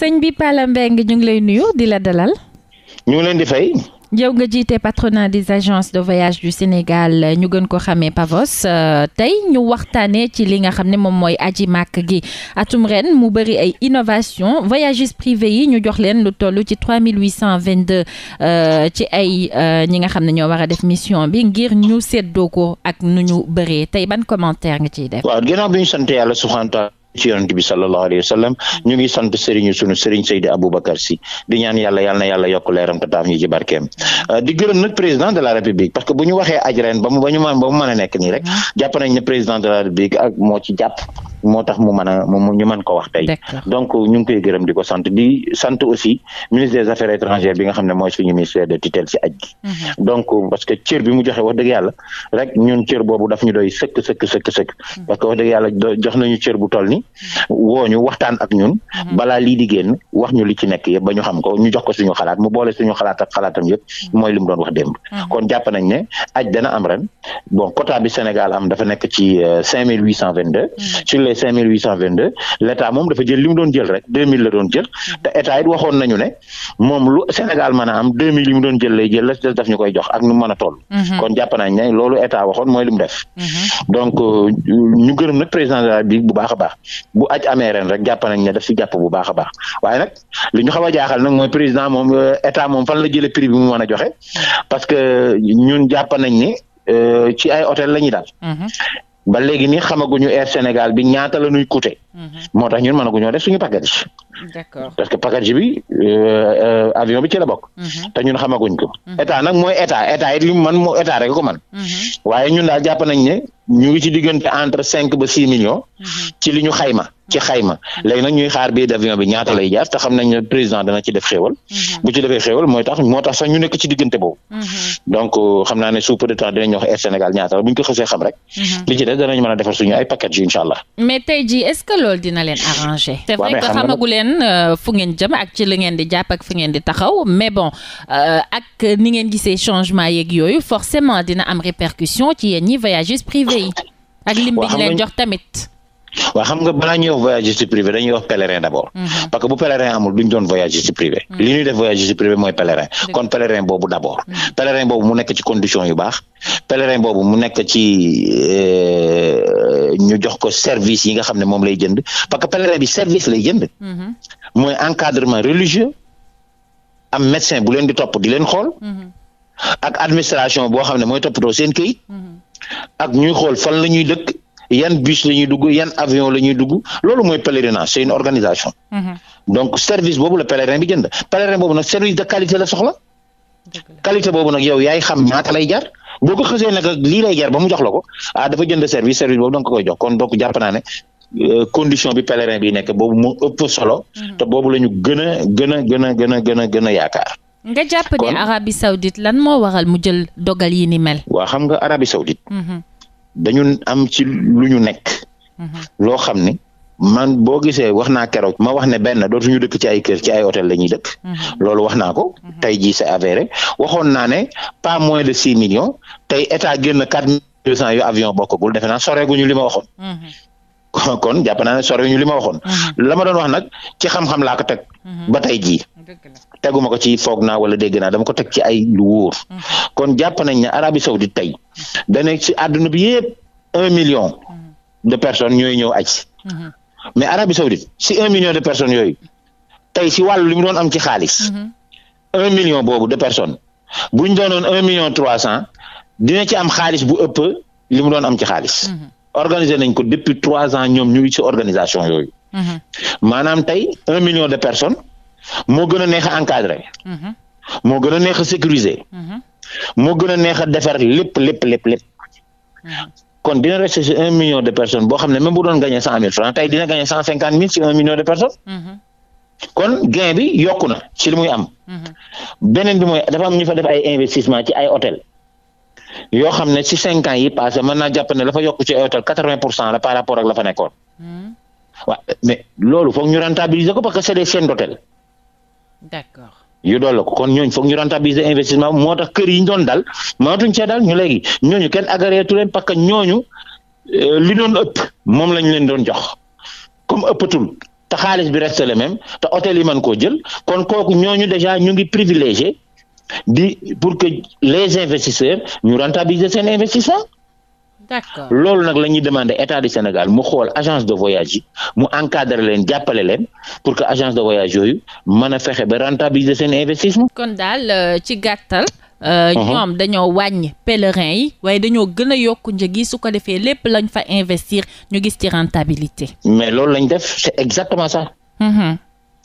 sëñ bi Palla Mbengue ñu ngi lay nuyu di la dalal. ñu ngi leen di yow nga jiite patronat des agences de voyage du Sénégal ñu gën ko xamee PAVOS euh, tey ñu waxtaanee ci li nga xam ne moom mooy aji màkk gi atum ren mu bëri ay innovation voyagistes privés yi ñu jox leen lu toll ci 3822 euh, ci ay euh, ñi nga xam ne ñoo war a def mission bi ngir ñu séddoo ko ak nu ñu bëree tey ban commentaire nga ciy def. ci yonent bi sallallahu alayhi wa sallam sant Serigne sunu Serigne Seydi Aboubacar Sy di ñaan yàlla yàlla yokk leeram te taaf ñu ci euh, di gërëm nag président de la république parce que bu waxee aj ren ba mu ba a nekk nii rek jàpp ne président de la république moo ci jàpp moo tax mu mën a mu ñu ko wax donc ñu koy gërëm di ko sant di sant aussi ministre des affaires étrangères bi nga xam ne mooy suñu ministère de tutelle ci aj mhm. donc parce que cër ñi wooñu waxtaan ak ñun mhm. balaa lii di génn li ci nekk yëpp ba ñu xam ko ñu jox ko suñu xalaat mu boole suñu xalaat ak mhm. mooy li doon wax démb mhm. kon jàpp nañ ne aj dana am ren bon quota Sénégal am dafa nekk ci euh, cinq mille huit cent vingt deux sur les cinq mille huit cent vingt deux l' état moom dafa jël li doon jël rek deux mille la doon jël te état it nañu ne moom lu Sénégal mën a am deux mille yi doon jël lay jël daf ñu koy jox ak nu mën a kon jàpp nañ ne loolu état waxoon mooy euh, a baax bu aj amee ren rek jàpp nañ ne daf si jàpp bu baax a baax waaye nag li ñu xaw a jaaxal nag mooy président moom euh, état moom fan la jëlee prix bi mu a joxe mm-hmm. parce que ñun jàpp nañ ni euh, ci ay hôtel la ñuy daal. Mm-hmm. ba léegi nii xamaguñu Air Sénégal bi ñaata la ñuy coûter. Mhm. moo tax ñun mënaguñoo def suñu package. d'accord parce que package bi euh, euh, avion bi ci la bokk. Mhm. te ñun xamaguñ ko. Mhm. état nag mooy état état it li mu mën état rek ko mën. waaye ñun daal jàpp nañ ne ñu ci diggante entre cinq ba six millions. ci li ñu xayma. ci xayma léegi nag ñuy xaar bii d'avion bi ñaata lay jaar te xam nañ ne président dana ci def xéewal mhm. bu ci defee xéewal mooy tax moo tax sax ñu nekk ci diggante boobu mhm. donc euh, xam naa ne sous peu de temps dinañ ñu ko mhm. a defar suñu ay package yi incha allah mais tey jii est que loolu dina leen arranger c'est vrai que xamagu leen euh, fu ngeen jëm ak ci li ngeen di jàpp ak fi ngeen di taxaw mais bon euh, ak ni ngeen gisee changement yeeg yooyu forcément dina am répercussion waaw xam nga balaa ñuy wax voyage justice privé dañuy wax pèlerin d' abord. Mhm. parce bu pèlerin amul duñ doon voyage justice privé. Mhm. li ñuy def voyage justice privé mooy pèlerin. kon pèlerin boobu d' abord. Mhm. boobu mu nekk ci condition yu baax. pèlerin boobu mu nekk ci euh, ñu jox ko service yi nga xam ne moom lay jënd parce que pèlerin bi service lay jënd. mooy encadrement religieux. am médecin bu leen di topp di leen xool. ak administration boo xam ne mooy toppatoo seen këyit. yan bus la ñuy dugg yan avion la ñuy dugg loolu mooy pèlerinage c'est une organisation. Mhm. donc service boobu la pèlerin bi jënd pèlerin boobu nag service de qualité la soxla. qualité boobu nag yow yaay xam ñaata lay jar boo xësee nag lii lay jar ba mu jox la ko a ah dafa jënd service service boobu da nga ko koy jox kon donc jàpp naa ne. Euh, condition bi pèlerin bi nekk boobu moo ëpp solo. Mhm. te boobu la ñu gën a gën a gën a gën a gën a gën a yaakaar. nga jàpp ne Arabie Saoudite lan moo waral mu jël dogal yi dañu am ci lu ñu nekk. Mhm. loo xam ne man boo gisee wax naa keroog ma wax ne benn dootuñu dëkk ci ay kër ci ay hôtel la ñuy dëkk. Mhm. lool wax naa ko. Mhm. tey jii c'est avéré waxoon naa ne pas moins de six millions tey état génn quatre mille deux cent yu avion bokkagul defe naa soreeguñu li ma waxoon. kon jàpp naa ne sore li ma waxoon. la ma doon wax nag ci xam-xam laa ko teg. ba tey ji teguma ko ci foog naa wala dégg naa dama ko teg ci ay lu wóor mm-hmm. kon jàpp nañ ne Arabie Saoudite tey mm-hmm. dana ci àdduna bi yëpp un million mm-hmm. de personnes ñooy ñëw aj mais Arabie Saoudite si un million de personnes yooyu tey si wàllu li mu doon am ci xaalis un million boobu de personnes buñ doonoon un million trois cent dina ci bu ëpp li mu doon am ci xaalis organiser nañ ko depuis trois ans ñoom ñu ngi ci organisation yooyu maanaam tey un million de personnes moo gën a neex a encadré. Mhm. moo gën a neex a sécuriser. Mhm. moo gën a neex a defar lépp lépp lépp lépp. Mhm. kon dina resté si un million de personnes boo xam ne dina gagné cent cinquante mille si un million de personnes. kon gain bi yokku na ci li muy am. beneen bi mooy dafa am ñu fa def ay investissement ci ay hôtel yoo xam ne si cinq ans yi passé mën naa jàpp la fa yokk ci ay hôtel quatre vingt pour cent par rapport ak la fa nekkoon. loolu foog ñu rentabiliser ko parce que c'est d'hôtel d'accord yu dool la kon ñooñu foog ñu rentabiliser investissement moo tax kër yi ñu doon dal cee dal ñu léegi ñooñu kenn agréetu leen parce que ñooñu euh, li doon ëpp moom lañ le doon jox comme ëppatul te xaalis bi reste le même te hôtel yi mën koo jël kon kooku ñooñu déjà ñu ngi privilégié di pour que les investisseurs ñu rentabiliser seen investissement loolu nag lañu ñuy demander état du Sénégal mu xool agence de voyage yi mu encadrer leen jàppale leen pour que agence de voyage yooyu mën fexe ba rentabiliser seen investissement. kon daal euh, ci gàttal. Euh, uh-huh. ñoom dañoo wàññi pèlerin yi waaye dañoo gën a yokk njëg yi su ko defee lépp lañ fa investir ñu gis ci rentabilité. mais loolu lañ def c'est exactement ça. Uh-huh.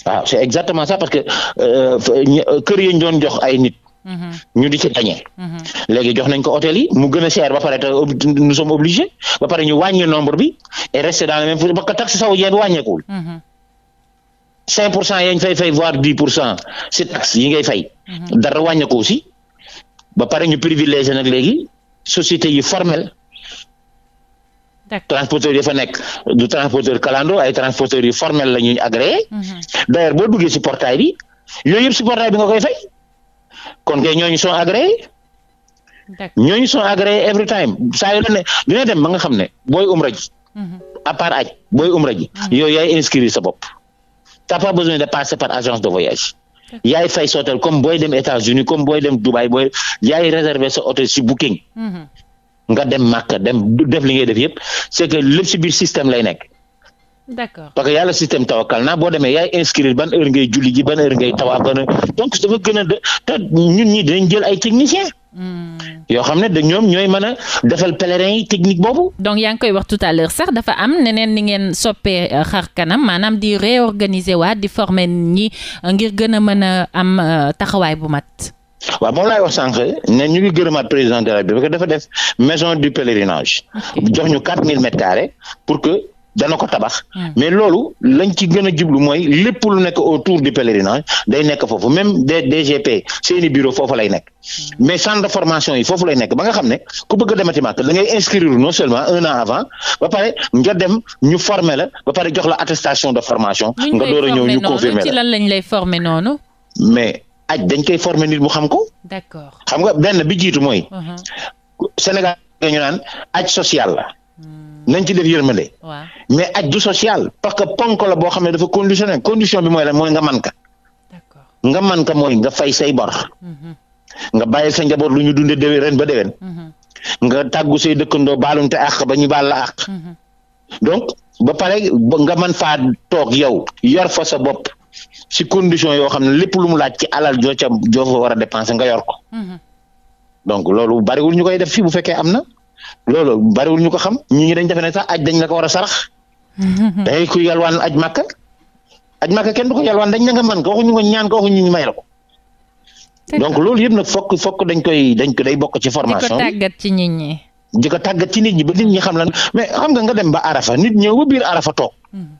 waaw c'est exactement ça parce que euh, kër yi ñu doon jox ay nit. Mm-hmm. ñu di ci dañee mm-hmm. léegi jox nañ ko hôtel yi mu gën a cher ba pare te nous sommes obligés ba pare ñu wàññi nombre bi et rester dans le même parce que taxe saoudienne wàññeekul mm-hmm. cinq pour cent yañ fay fay voire dix pour cent si taxe yi ngay fay dara wàññeeku aussi ba pare ñu privilégié nag léegi société yi formel transporteur yi fa nekk du transporteur kalando ay transporteurs yu formel la ñuy agréé d'ailleurs boo duggee si portail bi yooyu yëpp si portail bi nga koy kon kay ñooñu sont agréés. ñooñu every time saa yu ne dem ba xam ne booy umra ji. Mhm. à aj booy umra ji. Mhm. yow yaay inscrire sa bopp. t'as pas besoin de passer par agence de voyage. yaay fay sa hôtel comme booy dem États-Unis comme booy dem Dubaï booy yaay réserver sa hôtel si booking. Mhm. nga dem Màkka dem def li ngay def yëpp c'est que si biir système lay nekk. d'accord parce que yàlla système tawakkal naa boo demee yaay inscrire ban heure ngay julli ji ban heure ngay tawaaf ban donc dafa gën a de te ñun ñi dinañ jël ay techniciens. Hmm. yoo xam ne da ñoom ñooy mën a defal pèlerin yi technique boobu. donc yaa ngi koy wax tout à l'heure sax dafa am neneen ni ngeen soppee euh, xar kanam maanaam di réorganiser waat di former ñi euh, ngir gën a mën a am euh, taxawaay bu mat. waaw moom laay wax sànq ne ñu ngi gërëmaat président de la dafa def maison du pèlerinage jox dana ko tabax. Hmm. mais loolu lañ ci gën a jublu mooy lépp lu nekk autour du pèlerinage day nekk foofu même des DGP seeni bureau foofu lay nekk. Hmm. mais centre de formation yi foofu lay nekk ba nga xam ne ku bëgg demati Màkka da ngay inscrire non seulement un an avant ba pare nga dem ñu former la ba pare jox la attestation de formation. nga door a ñëw ñu confirmer la lan lañ lay former noonu. mais aj dañ koy former nit mu xam ko. d'accord xam nga benn bi jiitu mooy. Uh-huh. Sénégal ñu naan aj social la. nañ ci def yërmande. waaw mais aj du social. que ponk la boo xam ne dafa conditionnel condition bi mooy lan mooy nga man ka. d'accord nga man ka mooy nga fay say bor. Mm-hmm. nga bàyyi sa njaboot lu ñu dundee déwén ren ba déwén. Mm-hmm. nga tàggu say dëkkandoo baalumte àq ba ñu baal la àq. Mm-hmm. donc ba pare nga mën faa toog yow yor fa sa bopp si condition yoo xam ne lépp lu mu laaj ci alal joo ca joo fa war nga yor ko. donc loolu bariwul koy def fii bu fekkee am na. loolu bariwul ñu ko xam ñi ngi dañ defe ne sax aj dañ la ko war a sarax da ngay kuy yalwaan aj màkka aj màkka ken du ko yalwaan dañ na nga mën ko waxuñu ko ñaan ko waxuñu ñu may la ko donc loolu yëpp nag fokk fokk dañ koy dañ ko day bokk ci formation di ko ci nit ñi di tàggat ci nit ñi ba nit ñi xam la mais xam nga nga dem ba arafa nit ñëw ba biir arafa toog hmm.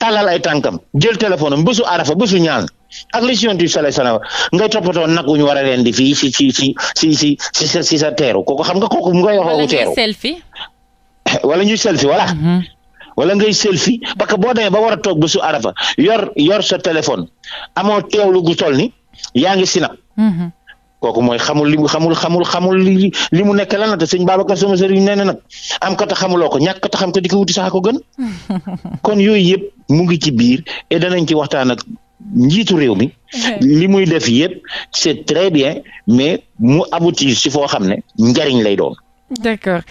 tàllal ay tànkam jël téléphone am bésu arafa bésu ñaan ak légion du soleil sana ngay toppatoo nag wu ñu war a leen di fii si si si si si si sa si sa teeru kooku xam nga kooku mu ngay waxoo teeru wala ñuy mm-hmm. selfie voilà wala ngay selfie parce que boo demee ba war a toog ba su arafa yor yor sa téléphone amoo teewlu gu toll ni yaa ngi sinap mm-hmm. kooku mooy xamul li mu xamul xamul xamul li li mu nekk nag am ko te xamuloo ko xam ko di wuti sax ko gën kon yooyu yëpp mu ngi biir et danañ ci waxtaan njiitu réew mi. li muy def yëpp c'est très bien mais mu aboutir si foo xam ne njariñ lay doon. d' accord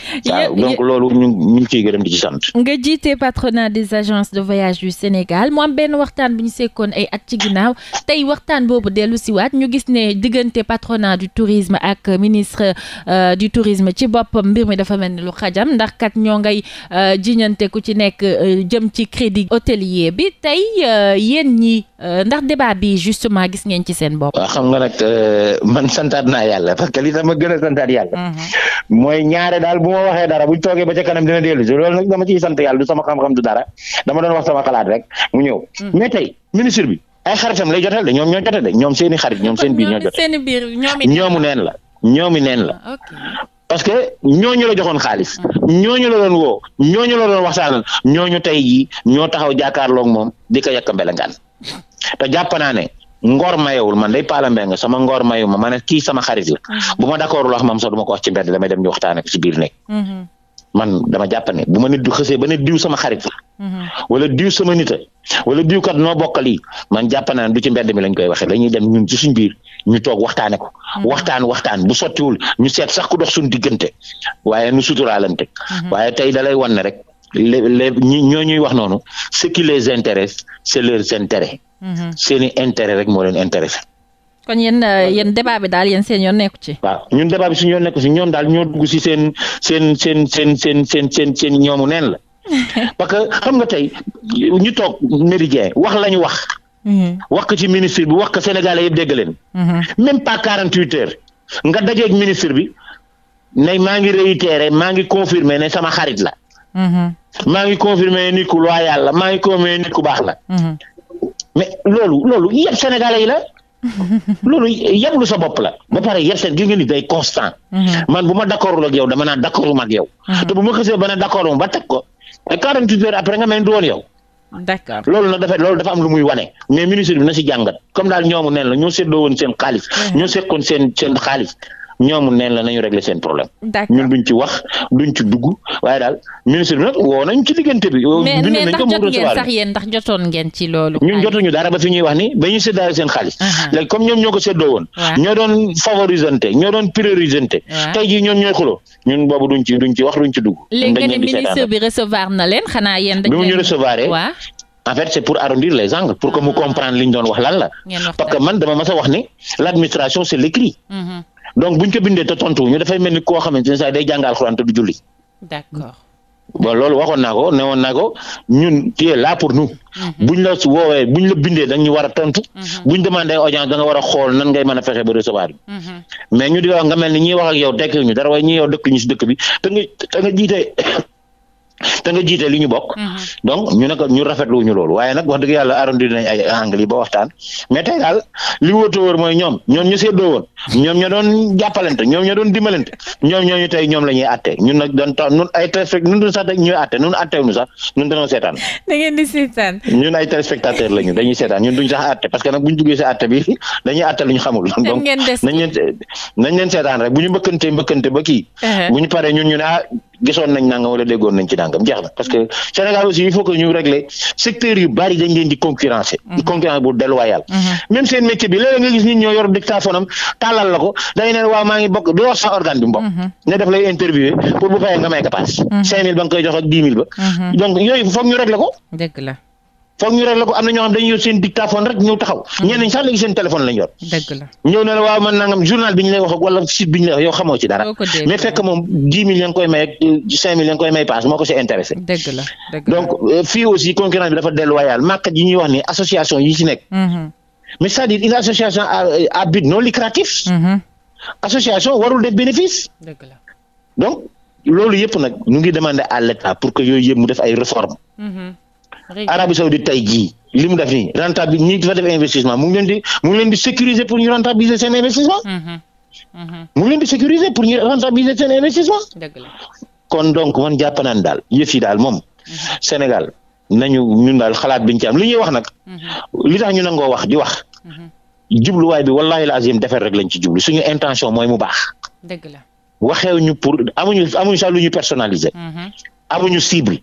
loolu ñu ñu ngi ciy di ci sant. nga jiite patronat des agences de voyage du Sénégal mu am benn waxtaan bu ñu sekkoon ay at ci ginnaaw tey waxtaan boobu dellu si waat ñu gis ne diggante patronat du tourisme ak ministre euh, du tourisme ci boppam mbir mi dafa mel ni lu xajam ndax kat ñoo ngay euh, jiñante ku ci nekk euh, jëm ci crédit hôtelier bi tey yéen ñi ndax débat bi justement gis ngeen ci seen bopp. waaw xam nga nag man santaat naa yàlla parce ma gën a yàlla. Mm-hmm. mooy ñaare daal bu ma waxee dara buñ toogee ba ca kanam dina dellu si loolu nag dama ciy sant yàlla du sama xam-xam du dara dama doon wax sama xalaat rek mu ñëw mm. mais tey ministre bi ay xaritam lay jotal de ñoom ñoo jotal de ñoom seen i xarit ñoo jotal neen la ñoomi neen la ah, parce que joxoon xaalis mm. ñooñu la doon woo ñooñu la ñooñu tey ñoo taxaw jàkkaarloog moom di ko yàq mbelangaan te jàpp ngor mayewul man day paala mbeng sama ngoor mayu ma ma ne kii sama xarit la ah. bu ma d'accord wax moom ma ko mm-hmm. dama jàpp ne bu ma nit du ba ne diw sama xarit la mm-hmm. wala diw sama nita wala diw kat noo bokkal yi man jàpp naa ne du ci mbedd mi lañ koy waxee dañuy dem ñun ci suñ biir ñu toog waxtaane ko mm-hmm. waxtaan waxtaan bu sottiwul ñu seet sax ku dox suñ diggante waaye nu suturaalante waaye tey da wan ne rek les les ñi ñoo ñuy wax noonu ce qui les intéresse c'est leurs intérêts Mm-hmm. seen i intérêt rek moo leen intéressé. kon yéen euh, yéen débat bi daal yéen seen yoon nekku ci. waaw ñun débat bi suñu yoon nekku ci ñoom daal ñoo dugg ci seen seen seen seen seen seen seen seen ñoomu neen la parce que xam nga tey ñu toog méridien wax lañu wax. Mm-hmm. wax ko ci ministre bi wax ka Sénégalais yëpp dégg leen. Mm-hmm. même pas quarante huit nga dajeeg ministre bi ne maa ngi réitéré maa ngi confirmé ne sama xarit la. maa ngi confirmé nit ku loyal la maa ngi confirmé nit ku baax la. mais loolu loolu yëpp sénégalais yi la. loolu yëpp lu sa bopp la. ba pare yëpp seen gis nga ni day constant. Mhm. man bu ma d' accord ak yow dama naan d' accord ak yow. Mhm. te bu ma xasee ba ne d' accord ba teg ko ay 48 heures après nga mel ni du loolu nag dafa loolu dafa am lu muy wane mais ministre bi na si jàngat comme daal ñoomu neen la ñoo seetloo woon seen xaalis. Mhm. ñoo seqoon seen seen xaalis ñoom neen la nañu régler seen problème. ñun duñ ci wax duñ ci dugg waaye daal ministre bi nag woo nañ ci diggante bi. bind nañ ko mu recevoir mais ndax jot ngeen sax ba fi ñuy wax ni ba ñuy séddaale seen xaalis. léegi comme ñoom ñoo ko séddoo woon. ñoo doon favorisante ñoo doon priorisante. tey jii ñoom ñooy xuloo ñun boobu duñ ci wax duñ ci dugg. léegi ne ministre bi recevoir na leen xanaa yéen ñu recevoir en fait c' pour arrondir les pour que mu ah. comprendre li doon wax lan la parce donc buñ ko bindee te tontu ñu dafay mel ni koo xamante ne saa day jàng alxuraan te du julli. d'accord bon loolu waxoon naa ko newoon naa ko ñun tu es pour nous. Mhm. buñ la woowee buñ la bindee da ñu war a tontu. Mhm. buñ demandé audience da nga war a xool nan mën a fexe ba recevoir. Mhm. mais ñu di wax nga mel ni ñiy wax yow tekki ñu dara waaye ñi yow dëkk ñu si dëkk bi te nga te nga jiite li ñu bokk. Mm-hmm. donc ñu ne ko ñu rafetlu ñu loolu waaye nag wax dëgg yàlla arrondi nañ ay angle yi ba waxtaan mais tey daal li ñu seetaan. da ngeen ay téléspectateur lañu dañuy seetaan ñun duñ sax àtte parce que nag buñ duggee si àtte bi dañuy àtte lu xamul. donc nañ leen seetaan rek bu ñu mbëkkante mbëkkante ba kii uh-huh. bu ñu paree ñun ñu ne ah, gisoon nañ nangam wala déggoon nañ ci nangam jeex na parce que Sénégal aussi il faut que ñu régler secteur yu bari dañ leen di concurrencer. Mm-hmm. bu déloyale. Mm-hmm. même seen métier bi léeg nga gis nit ñoo yor dictaphone am tàllal la ko day ne waaw maa ngi bokk du wax sax organe bi mbokk. Mm-hmm. ne daf lay interviewer pour bu fayee nga may ka paas. 5000 ba nga jox ak 10 000 ba. donc yooyu foog ñu régler ko. foog ñu réglé ko am na ñoo xam dañuy yor seen dictaphone rek ñëw taxaw. Mm. ñeneen sax léegi seen téléphone lañ yor. dëgg la ñëw ne la waaw man nangam journal bi lay wax ak wala site lay wax xamoo ci dara. mais fekk moom dix mille euh, koy may paas moo ko si intéressé. la dëgg donc euh, fii aussi concurrence bi dafa déloyale màkkat yi ñuy wax ni association yi ci nekk. Mm-hmm. mais cest dire une association à euh, à but non mm-hmm. association warul def bénéfice. donc loolu yëpp nag ñu ngi demande à l' pour que yooyu yëpp mu def ay Arabie Saoudite tey jii li mu def nii rentable ñi dafa def investissement mu ngi leen di mu ngi leen di sécuriser pour ñu rentabiliser seen investissement. Mm-hmm. Mm-hmm. mu ngi leen di sécuriser pour ñu rentabiliser seen investissement. kon donc man jàpp daal yëf daal moom. Mm-hmm. Sénégal nañu ñun daal xalaat biñ ci am li ñuy wax nag. li tax ñu nangoo wax di wax. jubluwaay bi wallaahi la azim defar rek lañ ci jublu suñu intention mooy mu baax. dëgg la waxeewuñu pour amuñu amuñu sax lu ñu personnalisé. amuñu cible.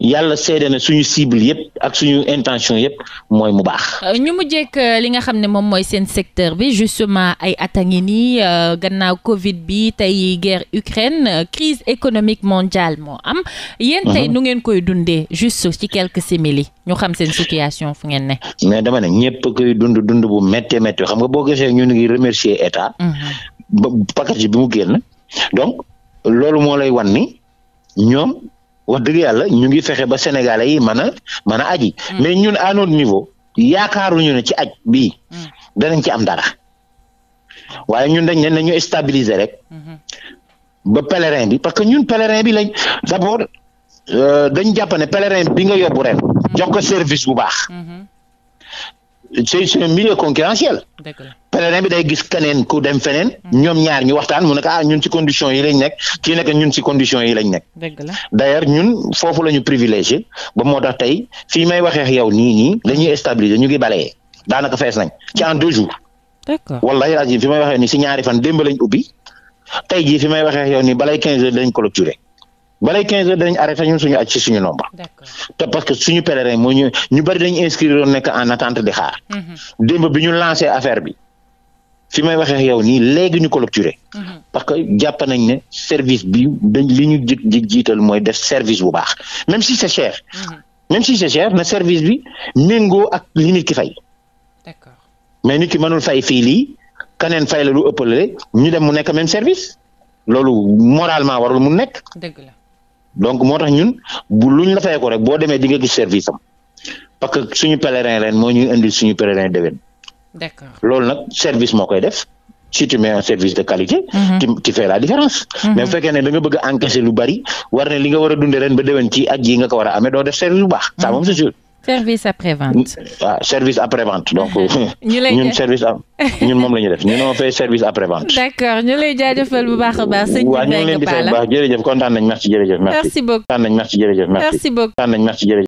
yàlla seede na suñu cible yëpp ak suñu intention yëpp mooy mu baax. Euh, ñu mujjeek euh, li nga xam ne moom mooy seen secteur bi justement ay at a ngi nii euh, gannaaw Covid bi tey guerre Ukraine crise économique mondiale moo am. yéen tey mhm. nu ngeen koy dundee juste ci quelques simili ñu xam seen situation fu ngeen ne. mais dama ne ñëpp koy dund dund bu méttee méttee xam nga boo gisee ñu ngi remercier état. Mhm. ba package bi mu génn donc loolu moo lay wan ni ñoom. wax dëgg yàlla ñu ngi fexe ba sénégalais yi mën a mën a aji. Mm. mais ñun à notre niveau yaakaaruñu ne ci aj bii. Mm. danañ ci am dara waaye ñun dañ ne nañu stabiliser rek. Mm-hmm. ba bi parce que ñun pèlerin bi lañ d'abord euh, dañ jàpp ne pèlerin bi nga yóbbu ren. Mm-hmm. jox ko service bu baax. Mm-hmm. c'est un concurrentiel. pèlerin bi day gis keneen ku dem feneen. ñoom ñaar ñu waxtaan mu ne ah ñun ci condition yi lañ nekk kii nekk ñun ci condition yi lañ nekk. dëgg la d'ailleurs ñun foofu la ñu privilégié ba moo tax tey fii may waxee ak yow nii nii la ñuy ñu ngi balayee daanaka fees nañ ci en deux jours. d'accord wallahi fi may waxee nii si ñaari fan démb lañ ubbi tey jii fi may waxee ak yow nii balay quinze heures dañ clôturer. balay 15 heures danañ arrêté ñun suñu aj ci suñu nombre. te parce que suñu pèlerin moo ñu ñu bëri dañu inscrire woon nekk en attente di xaar. Mhm. démb bi ñu lancé affaire bi fi may waxee yow nii léegi ñu clôturé. Mhm. parce que jàpp nañ ne service bi dañ li ñu ji jiital mooy def service bu baax même si c'est cher. Mhm. si c'est na service bi méngoo ak li nit ki fay. d'accord mais nit ki mënul fay fii lii keneen fay la lu ëppale ñu dem mu nekk même service loolu moralement warul mu nekk. dëgg la. donc moo tax ñun bu luñ la fay rek boo demee di nga service am parce que suñu pèlerin ren moo ñuy indil suñu pèlerin déwén. d'accord loolu service moo koy def si tu mets un service de qualité. Mhm. tu tu différence. Mhm. mais bu ne da nga bëgg a encaisser lu bari war ne li nga war a ba déwén ci at yi nga ko a amee doo def service bu baax. ça mhm. moom c'est service après vente. ah service après vente donc. ñu lay ñun service ñun moom la ñuy def ñun on fait service après vente. d' accord ñu lay jaajëfal bu baax a baax. sëñ bi waaw ñu ngi leen di fay bu baax jërëjëf kontaan nañ merci jërëjëf. merci beaucoup kontaan nañ merci jërëjëf. merci beaucoup kontaan nañ merci jërëjëf.